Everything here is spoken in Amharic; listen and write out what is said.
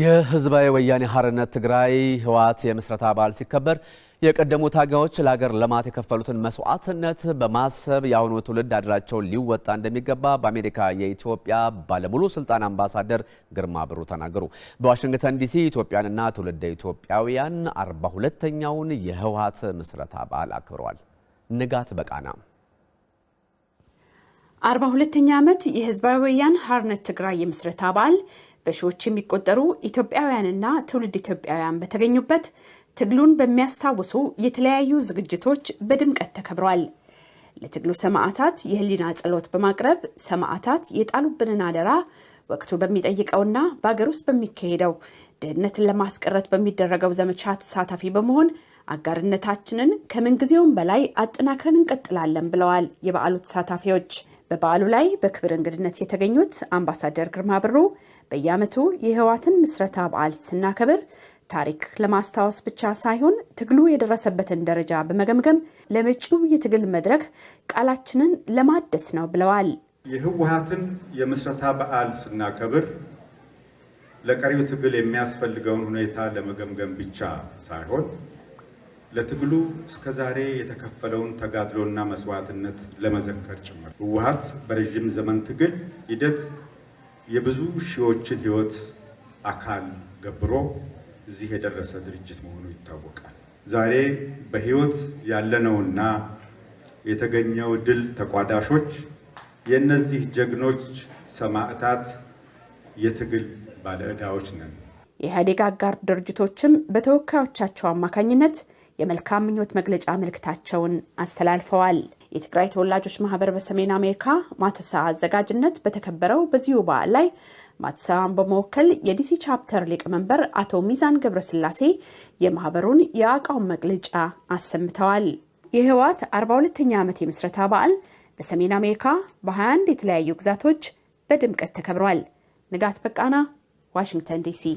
የህዝባዊ ወያኔ ሀርነት ትግራይ ህወሓት የምስረታ በዓል ሲከበር የቀደሙ ታጋዮች ለሀገር ልማት የከፈሉትን መስዋዕትነት በማሰብ የአሁኑ ትውልድ አደራቸውን ሊወጣ እንደሚገባ በአሜሪካ የኢትዮጵያ ባለሙሉ ስልጣን አምባሳደር ግርማ ብሩ ተናገሩ። በዋሽንግተን ዲሲ ኢትዮጵያንና ትውልደ ኢትዮጵያውያን አርባ ሁለተኛውን የህወሓት ምስረታ በዓል አክብረዋል። ንጋት በቃና አርባ ሁለተኛ ዓመት የህዝባዊ ወያኔ ሀርነት ትግራይ የምስረታ በዓል በሺዎች የሚቆጠሩ ኢትዮጵያውያንና ትውልድ ኢትዮጵያውያን በተገኙበት ትግሉን በሚያስታውሱ የተለያዩ ዝግጅቶች በድምቀት ተከብሯል። ለትግሉ ሰማዕታት የህሊና ጸሎት በማቅረብ ሰማዕታት የጣሉብንን አደራ ወቅቱ በሚጠይቀውና በአገር ውስጥ በሚካሄደው ድህነትን ለማስቀረት በሚደረገው ዘመቻ ተሳታፊ በመሆን አጋርነታችንን ከምንጊዜውም በላይ አጠናክረን እንቀጥላለን ብለዋል የበዓሉ ተሳታፊዎች። በበዓሉ ላይ በክብር እንግድነት የተገኙት አምባሳደር ግርማ ብሩ በየዓመቱ የህወሓትን ምስረታ በዓል ስናከብር ታሪክ ለማስታወስ ብቻ ሳይሆን ትግሉ የደረሰበትን ደረጃ በመገምገም ለመጪው የትግል መድረክ ቃላችንን ለማደስ ነው ብለዋል። የህወሓትን የምስረታ በዓል ስናከብር ለቀሪው ትግል የሚያስፈልገውን ሁኔታ ለመገምገም ብቻ ሳይሆን ለትግሉ እስከ ዛሬ የተከፈለውን ተጋድሎና መስዋዕትነት ለመዘከር ጭምር ህወሓት በረዥም ዘመን ትግል ሂደት የብዙ ሺዎችን ህይወት አካል ገብሮ እዚህ የደረሰ ድርጅት መሆኑ ይታወቃል። ዛሬ በህይወት ያለነውና የተገኘው ድል ተቋዳሾች የእነዚህ ጀግኖች ሰማዕታት የትግል ባለዕዳዎች ነን። የኢህአዴግ አጋር ድርጅቶችም በተወካዮቻቸው አማካኝነት የመልካም ምኞት መግለጫ መልእክታቸውን አስተላልፈዋል። የትግራይ ተወላጆች ማህበር በሰሜን አሜሪካ ማተሳ አዘጋጅነት በተከበረው በዚሁ በዓል ላይ ማተሳን በመወከል የዲሲ ቻፕተር ሊቀመንበር አቶ ሚዛን ገብረስላሴ የማህበሩን የአቋም መግለጫ አሰምተዋል። የህወሓት 42ኛ ዓመት የምስረታ በዓል በሰሜን አሜሪካ በ21 የተለያዩ ግዛቶች በድምቀት ተከብሯል። ንጋት በቃና ዋሽንግተን ዲሲ